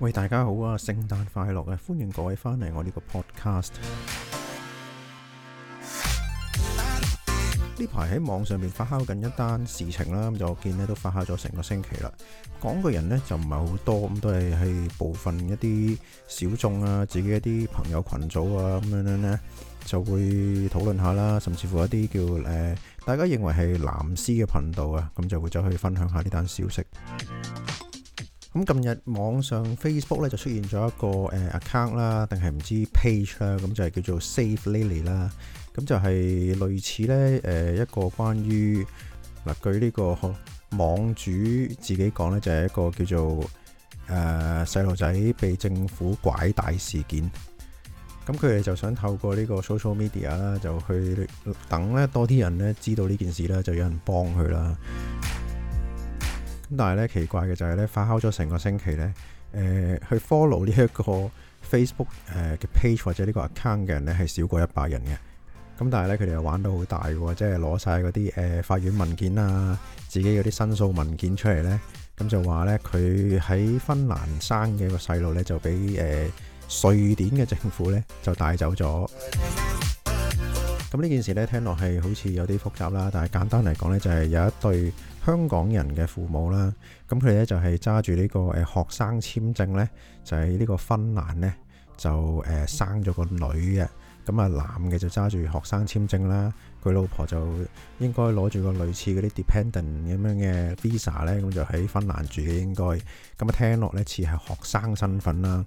喂，大家好啊！聖誕快樂啊！歡迎各位翻嚟我呢個 podcast。呢排喺網上面發酵緊一單事情啦，咁就我見呢都發酵咗成個星期啦。講嘅人呢就唔係好多，咁都係係部分一啲小眾啊，自己一啲朋友群組啊咁樣樣呢就會討論下啦，甚至乎一啲叫誒大家認為係藍絲嘅頻道啊，咁就會走去分享下呢單消息。咁近日網上 Facebook 咧就出現咗一個誒、呃、account 啦，定係唔知 page 啦，咁就係叫做 Save Lily 啦。咁就係類似呢誒、呃、一個關於嗱，據呢個網主自己講呢，就係、是、一個叫做誒細路仔被政府拐帶事件。咁佢哋就想透過呢個 social media 啦，就去等咧多啲人呢知道呢件事啦，就有人幫佢啦。但係咧奇怪嘅就係咧，發酵咗成個星期咧，誒、呃、去 follow 呢一個 Facebook 誒嘅 page 或者呢個 account 嘅人咧係少過一百人嘅。咁但係咧，佢哋又玩到好大嘅，即係攞晒嗰啲誒法院文件啊，自己嗰啲申訴文件出嚟咧，咁就話咧佢喺芬蘭生嘅個細路咧就俾誒、呃、瑞典嘅政府咧就帶走咗。咁呢件事咧，聽落係好似有啲複雜啦，但係簡單嚟講咧，就係有一對香港人嘅父母啦，咁佢哋咧就係揸住呢個誒學生簽證咧，就喺呢個芬蘭咧就誒生咗個女嘅，咁啊男嘅就揸住學生簽證啦，佢老婆就應該攞住個類似嗰啲 dependent 咁樣嘅 visa 咧，咁就喺芬蘭住嘅應該，咁啊聽落咧似係學生身份啦。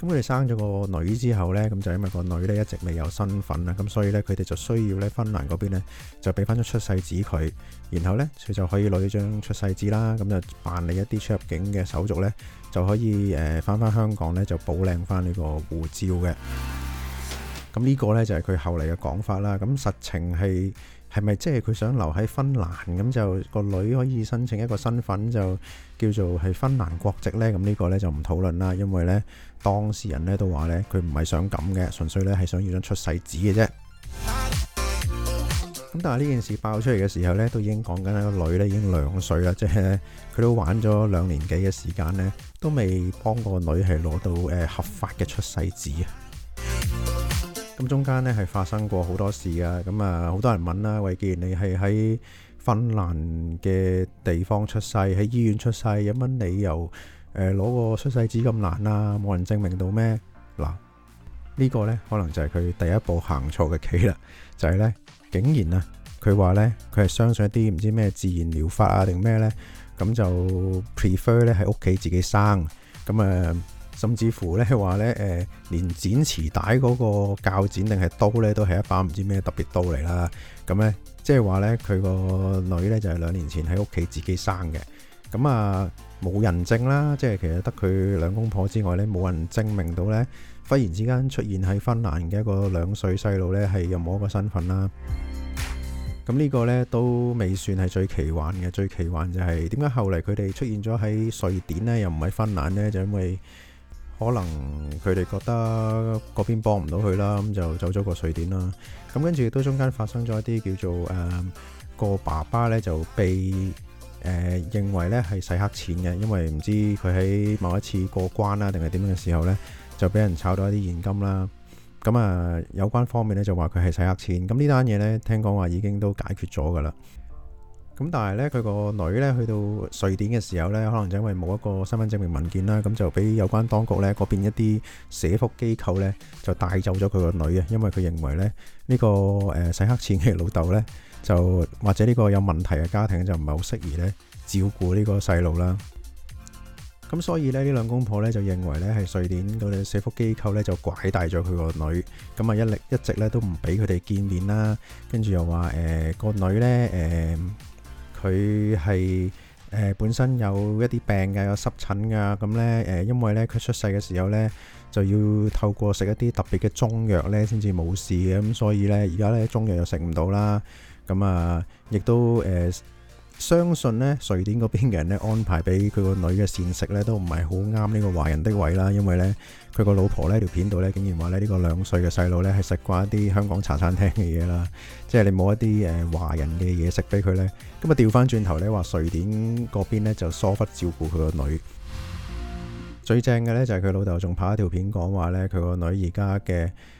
咁佢哋生咗個女之後咧，咁就因為個女咧一直未有身份啊，咁所以咧佢哋就需要咧芬蘭嗰邊咧就俾翻張出世紙佢，然後咧佢就可以攞呢張出世紙啦，咁就辦理一啲出入境嘅手續咧，就可以誒翻翻香港咧就補領翻呢個護照嘅。咁呢個咧就係佢後嚟嘅講法啦。咁實情係係咪即係佢想留喺芬蘭咁就個女可以申請一個身份就叫做係芬蘭國籍咧？咁呢個咧就唔討論啦，因為咧。當事人咧都話咧，佢唔係想咁嘅，純粹咧係想要張出世紙嘅啫。咁但係呢件事爆出嚟嘅時候咧，都已經講緊個女咧已經兩歲啦，即係佢都玩咗兩年幾嘅時間咧，都未幫個女係攞到合法嘅出世紙啊。咁中間呢係發生過好多事啊，咁啊好多人問啦，喂，既然你係喺芬蘭嘅地方出世，喺醫院出世，有乜理由？誒、呃、攞個出世紙咁難啊！冇人證明到咩嗱？呢、這個呢，可能就係佢第一步行錯嘅棋啦。就係、是、呢，竟然啊，佢話呢，佢係相信一啲唔知咩自然療法啊，定咩呢？咁就 prefer 咧喺屋企自己生。咁啊、呃，甚至乎呢話呢，誒、呃，連剪臍帶嗰個鉸剪定係刀呢，都係一把唔知咩特別刀嚟啦。咁、就是、呢，即係話呢，佢個女呢，就係兩年前喺屋企自己生嘅。咁啊，冇人證啦，即係其實得佢兩公婆之外咧，冇人證明到咧，忽然之間出現喺芬蘭嘅一個兩歲細路咧，係任何一個身份啦。咁呢個咧都未算係最奇幻嘅，最奇幻就係點解後嚟佢哋出現咗喺瑞典咧，又唔喺芬蘭咧，就因為可能佢哋覺得嗰邊幫唔到佢啦，咁就走咗過瑞典啦。咁跟住都中間發生咗一啲叫做誒個爸爸咧就被。誒、呃、認為咧係洗黑錢嘅，因為唔知佢喺某一次過關啦，定係點樣嘅時候呢，就俾人炒到一啲現金啦。咁啊，有關方面咧就話佢係洗黑錢。咁呢單嘢呢，聽講話已經都解決咗㗎啦。咁但係咧，佢個女咧去到瑞典嘅時候咧，可能就因為冇一個身份證明文件啦，咁就俾有關當局咧，嗰邊一啲社福機構咧就帶走咗佢個女啊。因為佢認為咧呢個誒洗黑錢嘅老豆咧，就或者呢個有問題嘅家庭就唔係好適宜咧照顧呢個細路啦。咁所以咧，呢兩公婆咧就認為咧係瑞典嗰啲社福機構咧就拐帶咗佢個女，咁啊一歷一直咧都唔俾佢哋見面啦。跟住又話誒個女咧誒。佢係誒本身有一啲病嘅，有濕疹㗎。咁咧誒，因為咧佢出世嘅時候咧，就要透過食一啲特別嘅中藥咧，先至冇事嘅。咁所以咧而家咧中藥又食唔到啦，咁啊亦都誒。呃相信咧，瑞典嗰邊嘅人咧安排俾佢個女嘅膳食咧都唔係好啱呢個華人的胃啦。因為呢，佢個老婆呢條片度咧竟然話咧呢個兩歲嘅細路呢係食慣一啲香港茶餐廳嘅嘢啦，即係你冇一啲誒華人嘅嘢食俾佢呢。咁啊，調翻轉頭呢，話瑞典嗰邊咧就疏忽照顧佢個女，最正嘅呢就係佢老豆仲拍一條片講話呢，佢個女而家嘅。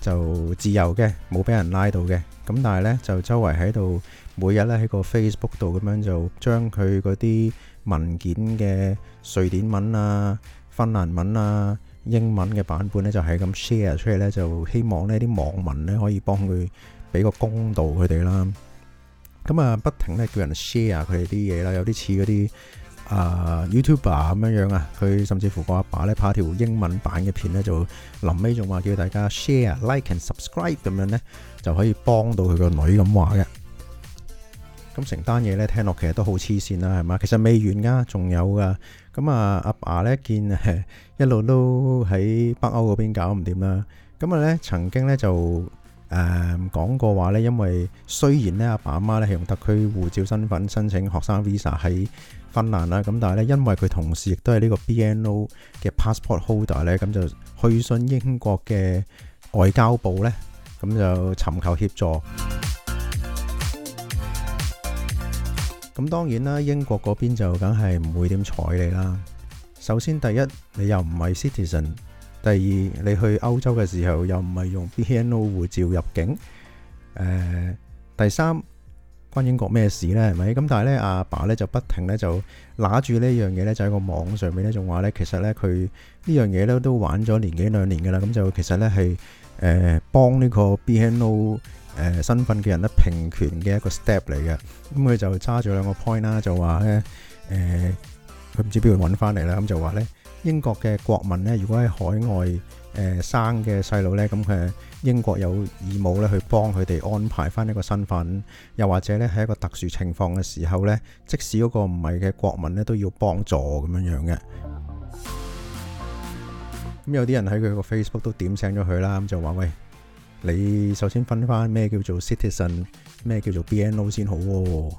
就自由嘅，冇俾人拉到嘅。咁但係呢，就周圍喺度每日呢，喺個 Facebook 度咁樣就將佢嗰啲文件嘅瑞典文啊、芬蘭文啊、英文嘅版本呢，就係咁 share 出嚟呢，就希望呢啲網民呢，可以幫佢俾個公道佢哋啦。咁啊，不停呢叫人 share 佢哋啲嘢啦，有啲似嗰啲。啊，YouTuber 咁樣樣啊，佢甚至乎個阿爸咧拍條英文版嘅片咧，就臨尾仲話叫大家 share、like and subscribe 咁樣咧，就可以幫到佢個女咁話嘅。咁成單嘢咧，聽落其實都好黐綫啦，係嘛？其實未完噶，仲有噶咁啊。阿爸咧見一路都喺北歐嗰邊搞唔掂啦，咁啊咧曾經咧就誒講過話咧，因為雖然咧阿爸阿媽咧係用特區護照身份申請學生 visa 喺。芬蘭啦，咁但係咧，因為佢同時亦都係呢個 BNO 嘅 passport holder 咧，咁就去信英國嘅外交部咧，咁就尋求協助。咁當然啦，英國嗰邊就梗係唔會點睬你啦。首先第一，你又唔係 citizen；第二，你去歐洲嘅時候又唔係用 BNO 護照入境；誒，第三。關英國咩事呢？係咪咁？但係咧，阿爸咧就不停咧就拿住呢樣嘢咧，就喺個網上面咧，仲話呢，其實呢，佢呢樣嘢咧都玩咗年幾兩年㗎啦。咁就其實呢，係誒幫呢個 BNO 身份嘅人咧平權嘅一個 step 嚟嘅。咁佢就揸住兩個 point 啦，就話呢，誒佢唔知邊度揾翻嚟啦。咁就話呢，英國嘅國民呢，如果喺海外。誒生嘅細路呢，咁佢英國有義務咧去幫佢哋安排翻一個身份，又或者呢係一個特殊情況嘅時候呢，即使嗰個唔係嘅國民呢，都要幫助咁樣樣嘅。咁有啲人喺佢個 Facebook 都點醒咗佢啦，咁就話：喂，你首先分翻咩叫做 citizen，咩叫做 BNO 先好喎、哦。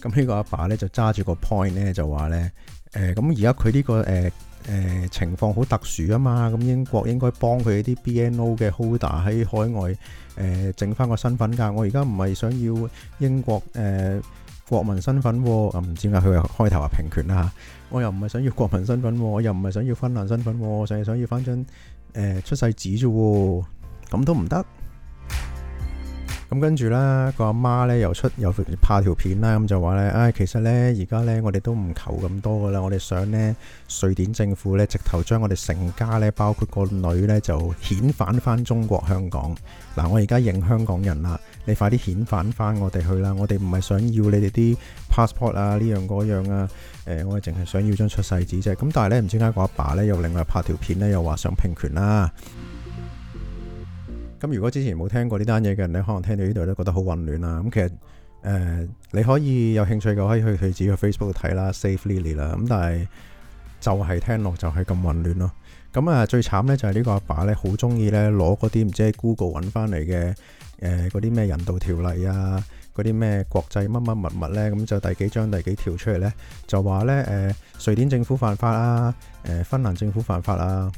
咁呢個阿爸呢，就揸住個 point 呢，就話呢，誒、這個，咁而家佢呢個誒。誒情況好特殊啊嘛，咁英國應該幫佢啲 BNO 嘅 holder 喺海外誒整翻個身份㗎。我而家唔係想要英國誒國民身份喎，唔知點解佢開頭話平權啦。我又唔係想要國民身份，我又唔係想要芬蘭身份，我淨係想要翻張誒出世紙啫喎，咁都唔得。跟住呢，個阿媽呢又出又拍條片啦，咁就話呢，唉、哎，其實呢，而家呢，我哋都唔求咁多噶啦，我哋想呢，瑞典政府呢，直頭將我哋成家呢，包括個女呢，就遣返返中國香港。嗱，我而家認香港人啦，你快啲遣返返我哋去啦，我哋唔係想要你哋啲 passport 啊，呢樣嗰樣啊，誒、呃，我哋淨係想要張出世紙啫。咁但係呢，唔知點解個阿爸，爸呢，又另外拍條片呢，又話想拼權啦、啊。咁如果之前冇聽過呢單嘢嘅人，你可能聽到呢度都覺得好混亂啊。咁其實、呃、你可以有興趣嘅可以去佢自己嘅 Facebook 睇啦，Save Lily 啦。咁但係就係聽落就係咁混亂咯。咁啊，最慘呢就係呢個阿爸呢，好中意呢攞嗰啲唔知喺 Google 揾翻嚟嘅誒嗰啲咩人道條例啊，嗰啲咩國際乜乜物物呢。咁就第幾章第幾條出嚟呢？就話呢誒瑞典政府犯法啊，誒、呃、芬蘭政府犯法啊。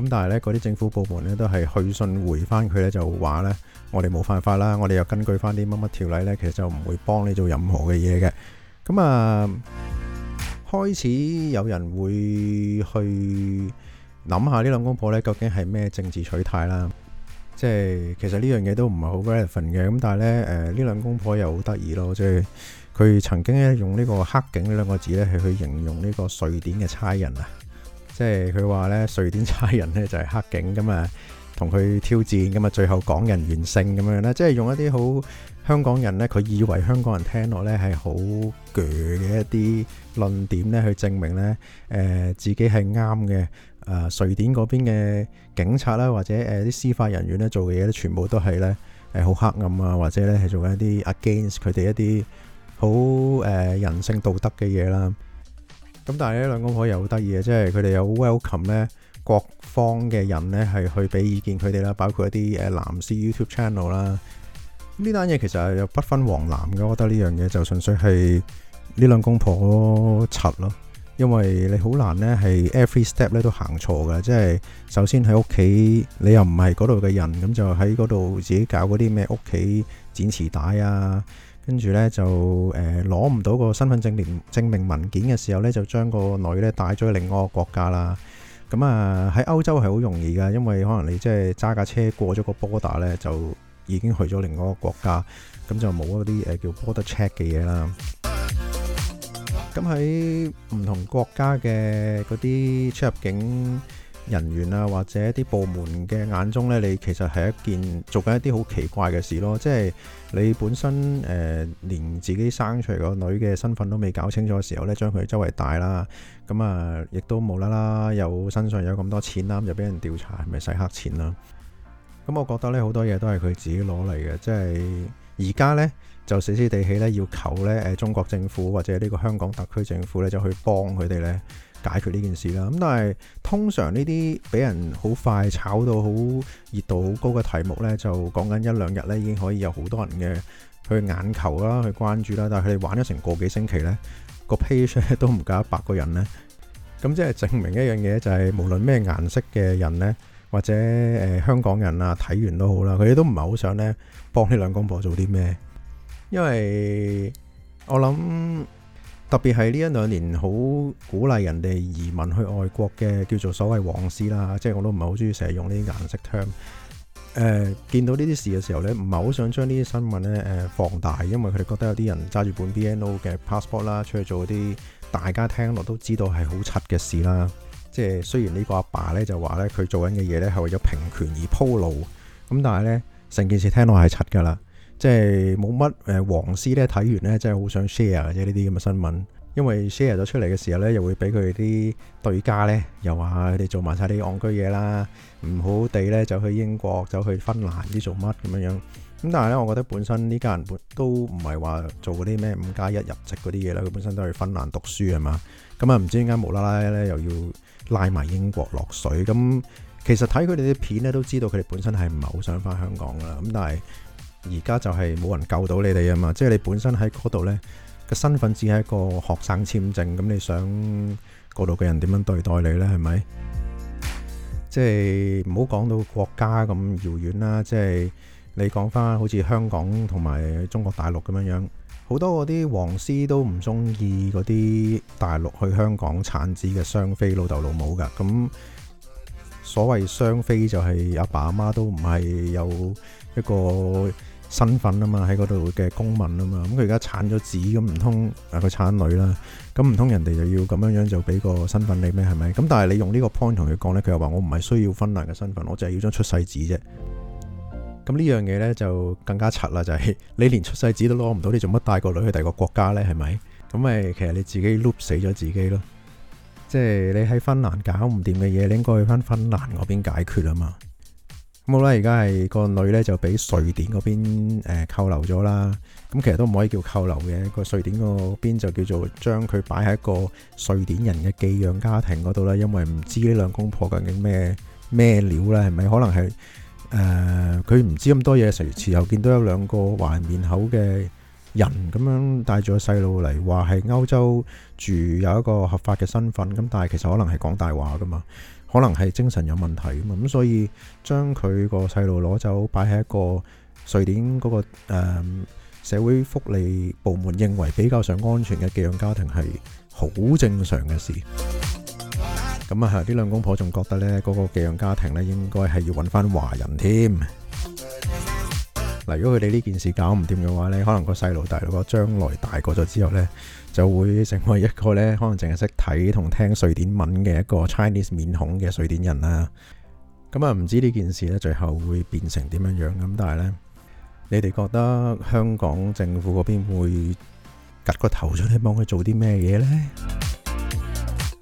咁但係咧，嗰啲政府部門咧都係去信回翻佢咧，就話咧，我哋冇辦法啦，我哋又根據翻啲乜乜條例咧，其實就唔會幫你做任何嘅嘢嘅。咁啊，開始有人會去諗下呢兩公婆咧，究竟係咩政治取態啦？即係其實呢樣嘢都唔係好 relevant 嘅。咁但係咧，誒呢兩公婆又好得意咯，即係佢曾經咧用呢個黑警呢兩個字咧係去形容呢個瑞典嘅差人啊！即係佢話咧，瑞典差人咧就係黑警，咁啊同佢挑戰，咁啊最後港人完勝咁樣咧，即係用一啲好香港人咧，佢以為香港人聽落咧係好攰嘅一啲論點咧，去證明咧誒自己係啱嘅。誒瑞典嗰邊嘅警察啦，或者誒啲司法人員咧做嘅嘢咧，全部都係咧誒好黑暗啊，或者咧係做緊一啲 against 佢哋一啲好誒人性道德嘅嘢啦。咁但係呢兩公婆又好得意嘅，即係佢哋有 welcome 呢各方嘅人呢，係去俾意見佢哋啦，包括一啲誒藍絲 YouTube channel 啦。呢單嘢其實係又不分黃藍嘅，我覺得呢樣嘢就純粹係呢兩公婆柒咯。因為你好難呢係 every step 呢都行錯嘅，即係首先喺屋企你又唔係嗰度嘅人，咁就喺嗰度自己搞嗰啲咩屋企剪臍帶啊。跟住呢，就誒攞唔到個身份證明證明文件嘅時候呢，就將個女咧帶咗去另外一個國家啦。咁啊喺歐洲係好容易噶，因為可能你即係揸架車過咗個 border 呢，就已經去咗另外一個國家，咁就冇嗰啲誒叫 border check 嘅嘢啦。咁喺唔同國家嘅嗰啲出入境人員啊，或者一啲部門嘅眼中呢，你其實係一件做緊一啲好奇怪嘅事咯。即係你本身誒、呃、連自己生出嚟個女嘅身份都未搞清楚嘅時候呢，將佢周圍帶啦，咁啊亦都無啦啦有身上有咁多錢啦，就俾人調查，係咪使黑錢啦。咁我覺得呢，好多嘢都係佢自己攞嚟嘅，即係而家呢，就死死地氣呢，要求呢誒中國政府或者呢個香港特區政府呢，就去幫佢哋呢。解決呢件事啦，咁但係通常呢啲俾人好快炒到好熱度好高嘅題目呢，就講緊一兩日呢已經可以有好多人嘅去眼球啦，去關注啦。但係佢哋玩咗成個幾星期呢，個 page 呢都唔夠一百個人呢，咁即係證明一樣嘢，就係無論咩顏色嘅人呢，或者誒香港人啊睇完都好啦，佢哋都唔係好想呢幫呢兩公婆做啲咩，因為我諗。特別係呢一兩年好鼓勵人哋移民去外國嘅，叫做所謂黃絲啦，即係我都唔係好中意成日用呢啲顏色 term，呃，見到呢啲事嘅時候呢，唔係好想將呢啲新聞呢誒放大，因為佢哋覺得有啲人揸住本 BNO 嘅 passport 啦，出去做啲大家聽落都知道係好柒嘅事啦。即係雖然呢個阿爸、爸呢就話呢，佢做緊嘅嘢呢係為咗平權而鋪路，咁但係呢成件事聽落係柒噶啦。即係冇乜誒，黃絲咧睇完咧，真係好想 share 即呢啲咁嘅新聞。因為 share 咗出嚟嘅時候咧，又會俾佢啲對家咧，又話佢哋做埋晒啲戇居嘢啦，唔好地咧就去英國，就去芬蘭啲做乜咁樣樣。咁但係咧，我覺得本身呢家人本都唔係話做嗰啲咩五加一入籍嗰啲嘢啦。佢本身都去芬蘭讀書係嘛咁啊？唔知點解無啦啦咧又要拉埋英國落水咁。其實睇佢哋啲片咧，都知道佢哋本身係唔係好想翻香港啦。咁但係。而家就係冇人救到你哋啊嘛！即係你本身喺嗰度呢，個身份只係一個學生簽證。咁你想嗰度嘅人點樣對待你呢？係咪？即係唔好講到國家咁遙遠啦。即係你講翻好似香港同埋中國大陸咁樣樣，好多嗰啲黃絲都唔中意嗰啲大陸去香港產子嘅雙飛老豆老母噶。咁所謂雙飛就係阿爸阿媽，媽都唔係有一個。身份啊嘛，喺嗰度嘅公民啊嘛，咁佢而家產咗子，咁唔通啊個產女啦，咁唔通人哋就要咁樣樣就俾個身份你咩？係咪？咁但係你用呢個 point 同佢講呢，佢又話我唔係需要芬蘭嘅身份，我就係要張出世紙啫。咁呢樣嘢呢，就更加柒啦，就係你連出世紙都攞唔到，你做乜帶個女去第二個國家呢？係咪？咁咪其實你自己碌死咗自己咯。即係你喺芬蘭搞唔掂嘅嘢，你應該去翻芬蘭嗰邊解決啊嘛。冇啦，而家係個女咧就俾瑞典嗰邊誒扣留咗啦。咁其實都唔可以叫扣留嘅，個瑞典嗰邊就叫做將佢擺喺一個瑞典人嘅寄養家庭嗰度啦。因為唔知呢兩公婆究竟咩咩料咧，係咪可能係誒佢唔知咁多嘢？隨時又見到有兩個華人面口嘅人咁樣帶住個細路嚟，話係歐洲住有一個合法嘅身份。咁但係其實可能係講大話噶嘛。可能係精神有問題啊嘛，咁所以將佢個細路攞走，擺喺一個瑞典嗰個誒社會福利部門認為比較上安全嘅寄養家庭，係好正常嘅事。咁啊，係啲兩公婆仲覺得呢，嗰個寄養家庭呢，應該係要揾翻華人添。如果佢哋呢件事搞唔掂嘅話呢，可能個細路、大佬個將來大個咗之後呢，就會成為一個呢可能淨係識睇同聽瑞典文嘅一個 Chinese 面孔嘅瑞典人啦。咁啊，唔知呢件事呢最後會變成點樣樣咁，但係呢，你哋覺得香港政府嗰邊會夾個頭出嚟幫佢做啲咩嘢呢？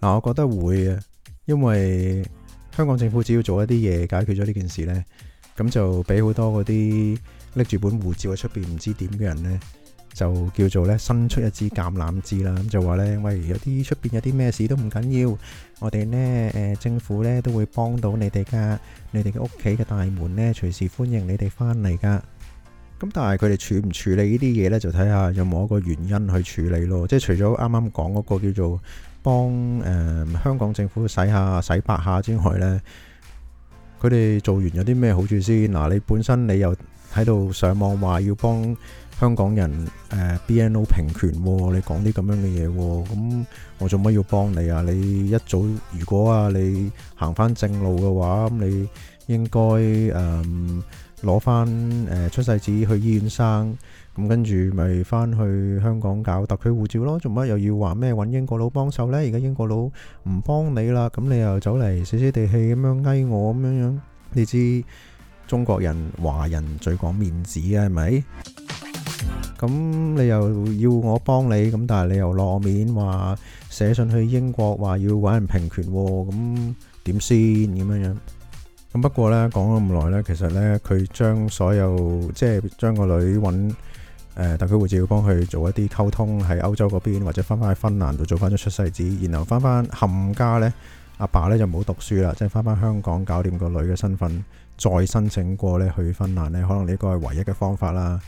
嗱，我覺得會啊，因為香港政府只要做一啲嘢解決咗呢件事呢，咁就俾好多嗰啲。拎住本護照喺出邊唔知點嘅人呢，就叫做呢，伸出一支橄欖枝啦，咁就話呢，喂，有啲出邊有啲咩事都唔緊要，我哋呢誒政府呢都會幫到你哋噶，你哋嘅屋企嘅大門呢隨時歡迎你哋返嚟噶。咁但係佢哋處唔處理呢啲嘢呢，就睇下有冇一個原因去處理咯。即係除咗啱啱講嗰個叫做幫誒香港政府洗下洗白下之外呢，佢哋做完有啲咩好處先嗱？你本身你又。喺度上網話要幫香港人誒 BNO 平權，你講啲咁樣嘅嘢，咁我做乜要幫你啊？你一早如果啊，你行翻正路嘅話，咁你應該誒攞翻誒出世紙去醫院生，咁跟住咪翻去香港搞特區護照咯。做乜又要話咩揾英國佬幫手呢？而家英國佬唔幫你啦，咁你又走嚟死死地氣咁樣嗌我咁樣樣，你知？中國人、華人最講面子嘅係咪？咁你又要我幫你，咁但係你又落面話寫信去英國話要揾人平權，咁點先咁樣樣？咁不過咧講咗咁耐咧，其實咧佢將所有即係將個女揾誒特區護照，幫佢做一啲溝通喺歐洲嗰邊，或者翻返去芬蘭度做翻咗出世紙，然後翻返冚家咧。阿爸咧就冇讀書啦，即係翻翻香港搞掂個女嘅身份，再申請過咧去芬蘭咧，可能呢個係唯一嘅方法啦。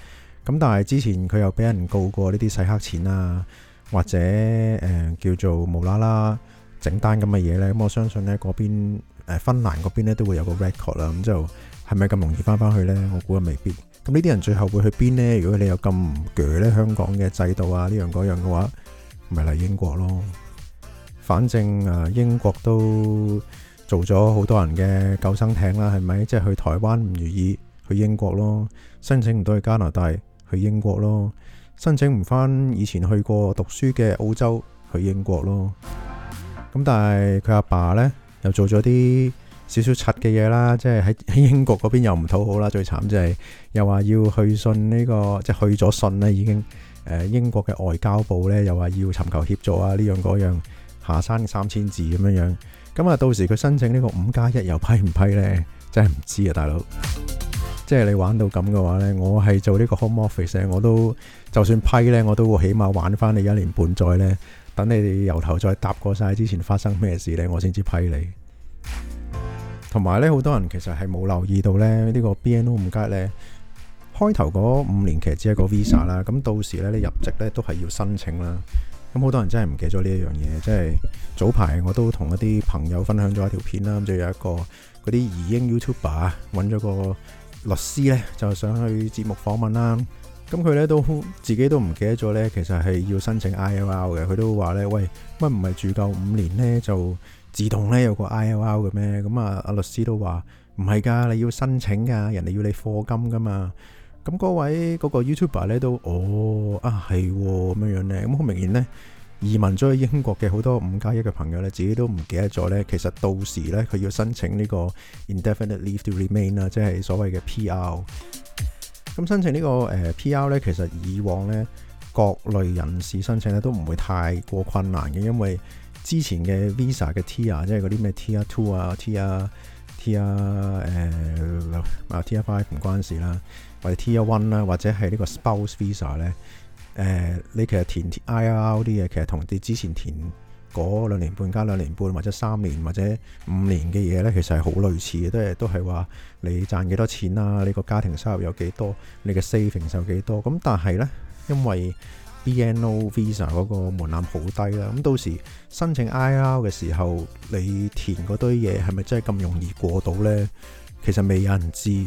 咁但係之前佢又俾人告過呢啲洗黑錢啊，或者誒叫做無啦啦整單咁嘅嘢咧，咁我相信咧嗰邊誒芬蘭嗰邊咧都會有個 record 啦。咁就係咪咁容易翻翻去咧？我估啊未必。咁呢啲人最後會去邊咧？如果你有咁唔鋸咧，香港嘅制度啊呢樣嗰樣嘅話，咪嚟英國咯。反正誒英國都做咗好多人嘅救生艇啦，係咪？即係去台灣唔如意，去英國咯；申請唔到去加拿大，去英國咯；申請唔返以前去過讀書嘅澳洲，去英國咯。咁但係佢阿爸呢，又做咗啲少少柒嘅嘢啦，即係喺喺英國嗰邊又唔討好啦。最慘就係、是、又話要去信呢、這個，即係去咗信呢已經。誒英國嘅外交部呢，又話要尋求協助啊，呢樣嗰樣。馬山三千字咁樣樣，咁啊到時佢申請呢個五加一又批唔批呢？真係唔知啊，大佬。即係你玩到咁嘅話呢，我係做呢個 home office 嘅，我都就算批呢，我都會起碼玩翻你一年半載呢。等你由頭再答過晒之前發生咩事呢，我先知批你。同埋呢，好多人其實係冇留意到呢，呢個 BNO 五加一呢，開頭嗰五年其實只係個 visa 啦，咁到時呢，你入籍呢都係要申請啦。咁好多人真係唔記咗呢一樣嘢，即係早排我都同一啲朋友分享咗一條影片啦，咁就有一個嗰啲移英 YouTuber 揾咗個律師呢，就想去節目訪問啦。咁佢呢都自己都唔記得咗呢，其實係要申請 ILR 嘅。佢都話呢：「喂，乜唔係住夠五年呢？就自動呢有個 ILR 嘅咩？咁啊，阿律師都話唔係㗎，你要申請㗎，人哋要你課金㗎嘛。咁嗰位嗰個 YouTuber 咧都哦啊，係咁、哦、樣樣咧。咁好明顯咧，移民咗去英國嘅好多五加一嘅朋友咧，自己都唔記得咗咧。其實到時咧，佢要申請呢個 Indefinite Leave to Remain 啦，即係所謂嘅 P.R. 咁申請、呢個呃 PR、呢個 P.R. 咧，其實以往咧各類人士申請咧都唔會太過困難嘅，因為之前嘅 Visa 嘅 Tier 即係嗰啲咩 Tier Two 啊、Tier Tier 誒、呃、啊、Tier Five 唔關事啦。或者 T1 啦，或者係呢個 Spouse Visa 咧，誒，你其實填 ILR 啲嘢，其實同你之前填嗰兩年半加兩年半，或者三年或者五年嘅嘢咧，其實係好類似嘅，都係都係話你賺幾多錢啊，你個家庭收入有幾多，你嘅 Saving 有幾多。咁但係呢，因為 BNO Visa 嗰個門檻好低啦，咁到時申請 ILR 嘅時候，你填嗰堆嘢係咪真係咁容易過到呢？其實未有人知。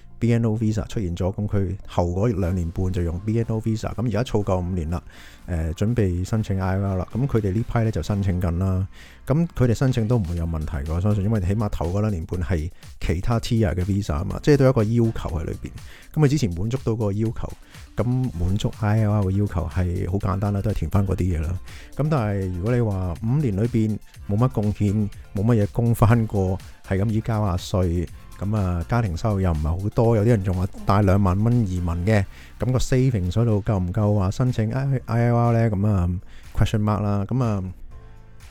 BNO visa 出現咗，咁佢後嗰兩年半就用 BNO visa，咁而家儲夠五年啦，誒、呃、準備申請 I R 啦，咁佢哋呢批咧就申請緊啦，咁佢哋申請都唔會有問題嘅，我相信，因為起碼頭嗰兩年半係其他 tier 嘅 visa 啊嘛，即係都有一個要求喺裏邊，咁佢之前滿足到嗰個要求，咁滿足 I R 嘅要求係好簡單啦，都係填翻嗰啲嘢啦，咁但係如果你話五年裏邊冇乜貢獻，冇乜嘢供翻過，係咁依交下稅。咁啊，家庭收入又唔係好多，有啲人仲話帶兩萬蚊移民嘅，咁個 saving 水度夠唔夠話申請 ILR 咧？咁啊 question mark 啦，咁啊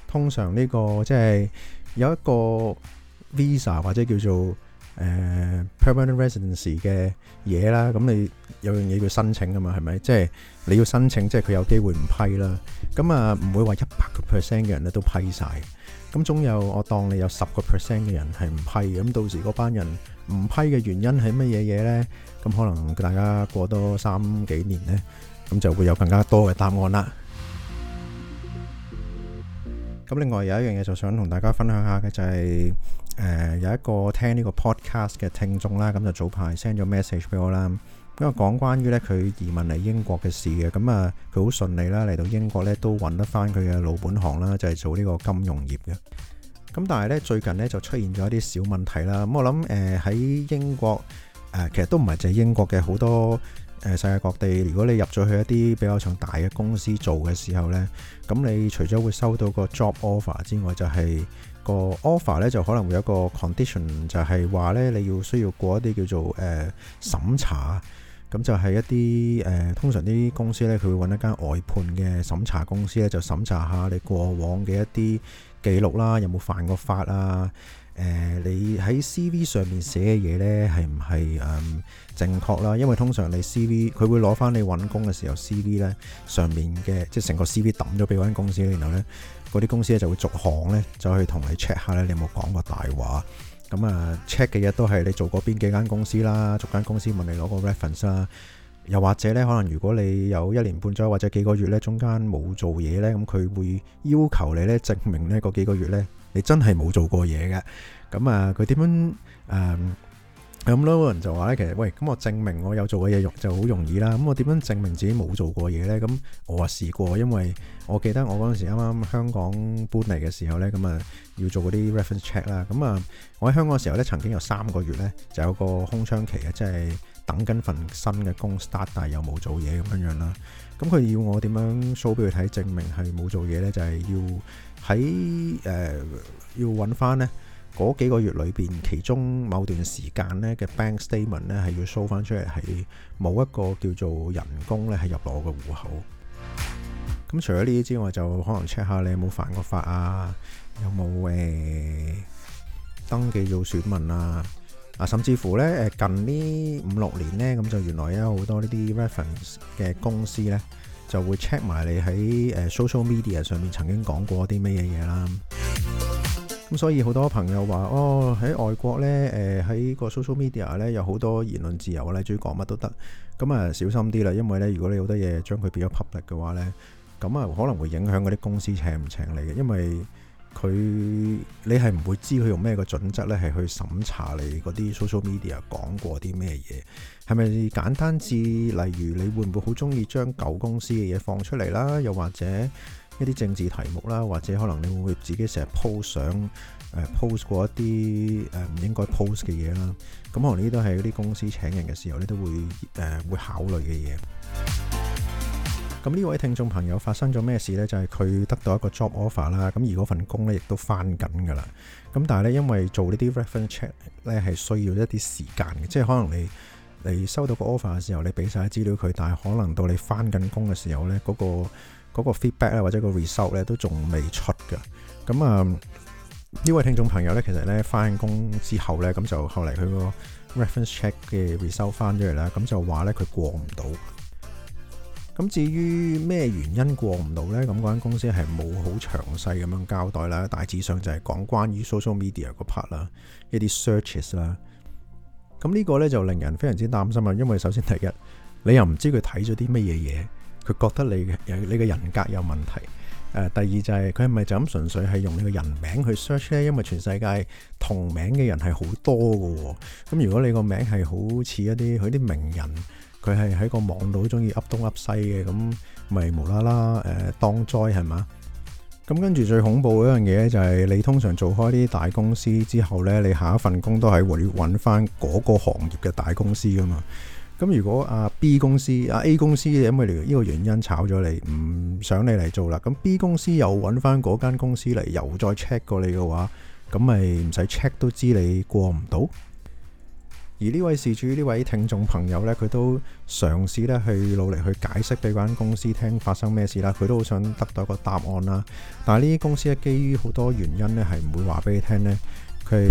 通常呢個即係有一個 visa 或者叫做誒 permanent residency 嘅嘢啦，咁你有樣嘢要申請㗎嘛？係咪？即係你要申請，即係佢有機會唔批啦。咁啊，唔會話一百個 percent 嘅人咧都批曬。咁總有我當你有十個 percent 嘅人係唔批嘅，咁到時嗰班人唔批嘅原因係乜嘢嘢呢？咁可能大家過多三幾年呢，咁就會有更加多嘅答案啦。咁另外有一樣嘢就想同大家分享下嘅就係誒有一個聽呢個 podcast 嘅聽眾啦，咁就早排 send 咗 message 俾我啦。因為講關於咧佢移民嚟英國嘅事嘅，咁啊佢好順利啦，嚟到英國咧都揾得翻佢嘅老本行啦，就係、是、做呢個金融業嘅。咁但係呢，最近呢就出現咗一啲小問題啦。咁我諗誒喺英國誒其實都唔係就係英國嘅好多誒世界各地。如果你入咗去一啲比較重大嘅公司做嘅時候呢，咁你除咗會收到個 job offer 之外，就係、是、個 offer 呢，就可能會有一個 condition，就係話呢你要需要過一啲叫做誒、呃、審查。咁就係一啲誒，通常啲公司咧，佢會揾一間外判嘅審查公司咧，就審查下你過往嘅一啲記錄啦，有冇犯過法啊？誒，你喺 CV 上面寫嘅嘢咧，係唔係誒正確啦？因為通常你 CV，佢會攞翻你揾工嘅時候 CV 咧，上面嘅即係成個 CV 抌咗俾嗰間公司，然後咧嗰啲公司咧就會逐行咧走去同你 check 下咧，你有冇講過大話。咁啊，check 嘅嘢都係你做過邊幾間公司啦，逐間公司問你攞個 reference 啦，又或者呢，可能如果你有一年半載或者幾個月呢，中間冇做嘢呢，咁佢會要求你呢證明呢嗰幾個月呢，你真係冇做過嘢嘅。咁啊，佢點樣啊？咁咧，有人就話咧，其實喂，咁我證明我有做嘅嘢就好容易啦。咁我點樣證明自己冇做過嘢呢？咁我話試過，因為我記得我嗰陣時啱啱香港搬嚟嘅時候呢，咁啊要做嗰啲 reference check 啦。咁啊，我喺香港嘅時候呢，曾經有三個月呢，就有個空窗期即係、就是、等緊份新嘅工 start，但係又冇做嘢咁樣樣啦。咁佢要我點樣 show 俾佢睇證明係冇做嘢呢？就係、是、要喺、呃、要揾翻呢。嗰幾個月裏邊，其中某段時間咧嘅 bank statement 咧係要 show 翻出嚟，喺某一個叫做人工咧係入我嘅戶口。咁除咗呢啲之外，就可能 check 下你有冇犯過法啊，有冇誒登記做選民啊，啊甚至乎咧誒近呢五六年咧，咁就原來有好多呢啲 reference 嘅公司咧就會 check 埋你喺誒 social media 上面曾經講過啲咩嘢嘢啦。咁所以好多朋友話哦，喺外國呢，誒喺個 social media 呢，有好多言論自由呢，中意講乜都得。咁啊，小心啲啦，因為呢，如果你好多嘢將佢變咗 public 嘅話呢，咁啊，可能會影響嗰啲公司請唔請你嘅，因為佢你係唔會知佢用咩個準則呢，係去審查你嗰啲 social media 講過啲咩嘢，係咪簡單至？例如，你會唔會好中意將舊公司嘅嘢放出嚟啦？又或者？一啲政治題目啦，或者可能你會唔會自己成日 post 相，誒 post 過一啲誒唔應該 post 嘅嘢啦。咁可能呢啲都係嗰啲公司請人嘅時候咧，你都會誒、呃、會考慮嘅嘢。咁呢位聽眾朋友發生咗咩事呢？就係、是、佢得到一個 job offer 啦，咁而嗰份工呢，亦都返緊㗎喇。咁但係呢，因為做呢啲 reference check 呢，係需要一啲時間嘅，即係可能你你收到個 offer 嘅時候，你俾晒資料佢，但係可能到你返緊工嘅時候呢，嗰、那個。嗰個 feedback 咧，或者個 result 咧，都仲未出㗎。咁啊，呢位聽眾朋友咧，其實咧翻工之後咧，咁就後嚟佢個 reference check 嘅 result 翻咗嚟啦，咁就話咧佢過唔到。咁至於咩原因過唔到咧？咁嗰間公司係冇好詳細咁樣交代啦。大致上就係講關於 social media 嗰 part 啦，一啲 searches 啦。咁呢個咧就令人非常之擔心啊！因為首先第一，你又唔知佢睇咗啲乜嘢嘢。佢覺得你嘅你個人格有問題。誒，第二就係佢係咪就咁純粹係用你個人名去 search 咧？因為全世界同名嘅人係好多㗎喎。咁如果你個名係好似一啲佢啲名人，佢係喺個網度好中意噏東噏西嘅，咁咪無啦啦誒當災係嘛？咁跟住最恐怖一樣嘢咧，就係你通常做開啲大公司之後咧，你下一份工都係揾翻嗰個行業嘅大公司噶嘛。咁如果阿 B 公司、阿 A 公司因為呢個原因炒咗你，唔想你嚟做啦？咁 B 公司又揾翻嗰間公司嚟，又再 check 過你嘅話，咁咪唔使 check 都知你過唔到？而呢位事主、呢位聽眾朋友咧，佢都嘗試咧去努力去解釋俾嗰間公司聽發生咩事啦，佢都好想得到一個答案啦。但係呢啲公司咧，基於好多原因咧，係唔會話俾你聽咧，佢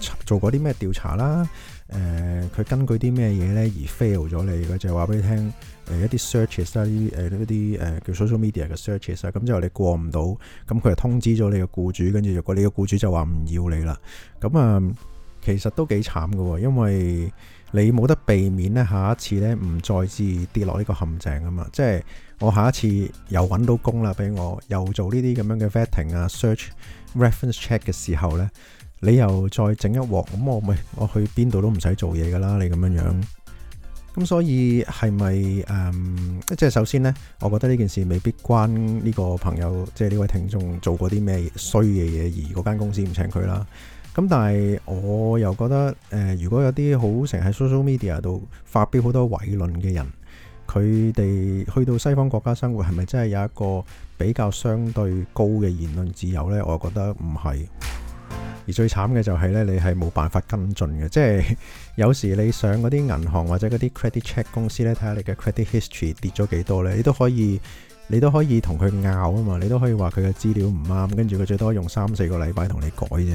係做過啲咩調查啦？誒、呃、佢根據啲咩嘢咧而 fail 咗你，佢就話俾你聽，一、呃、啲 searches 啊，一啲叫 social media 嘅 searches 啊，咁之後你過唔到，咁佢就通知咗你嘅僱主，跟住如果你嘅僱主就話唔要你啦，咁啊其實都幾慘喎！因為你冇得避免咧，下一次咧唔再次跌落呢個陷阱啊嘛，即係我下一次又揾到工啦，俾我又做呢啲咁樣嘅 vetting 啊、search、reference check 嘅時候咧。你又再整一鑊，咁我咪我去邊度都唔使做嘢㗎啦！你咁樣樣，咁所以係咪誒？即、嗯、係、就是、首先呢，我覺得呢件事未必關呢個朋友，即係呢位聽眾做過啲咩衰嘅嘢，而嗰間公司唔請佢啦。咁但係我又覺得誒、呃，如果有啲好成日喺 social media 度發表好多偉論嘅人，佢哋去到西方國家生活，係咪真係有一個比較相對高嘅言論自由呢？我又覺得唔係。而最慘嘅就係咧，你係冇辦法跟進嘅，即係有時你上嗰啲銀行或者嗰啲 credit check 公司呢，睇下你嘅 credit history 跌咗幾多呢，你都可以，你都可以同佢拗啊嘛，你都可以話佢嘅資料唔啱，跟住佢最多用三四個禮拜同你改啫。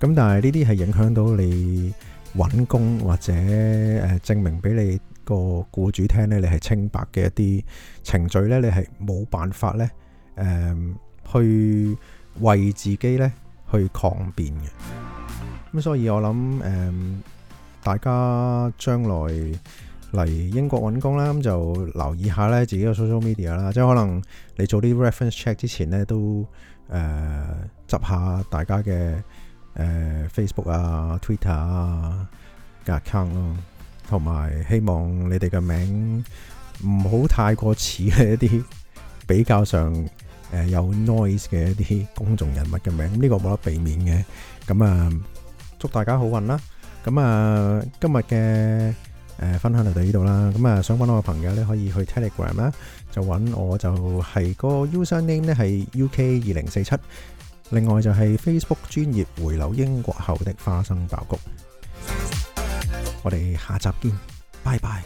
咁但係呢啲係影響到你揾工或者誒證明俾你個僱主聽呢，你係清白嘅一啲程序呢，你係冇辦法呢誒去為自己呢，去抗辯嘅，咁所以我諗，誒、嗯，大家將來嚟英國揾工啦，咁、嗯、就留意一下咧自己嘅 social media 啦，即係可能你做啲 reference check 之前咧，都執、呃、下大家嘅、呃、Facebook 啊、Twitter 啊 account 咯，同埋希望你哋嘅名唔好太過似嘅一啲比較上。誒，有 noise 嘅一啲公眾人物嘅名，咁呢個冇得避免嘅。咁啊，祝大家好運啦！咁啊，今日嘅誒分享就到呢度啦。咁啊，想揾我嘅朋友咧，可以去 Telegram 啦，就揾我就係個 username 咧係 UK2047。另外就係 Facebook 專頁回流英國後的花生爆谷。我哋下集見，拜拜。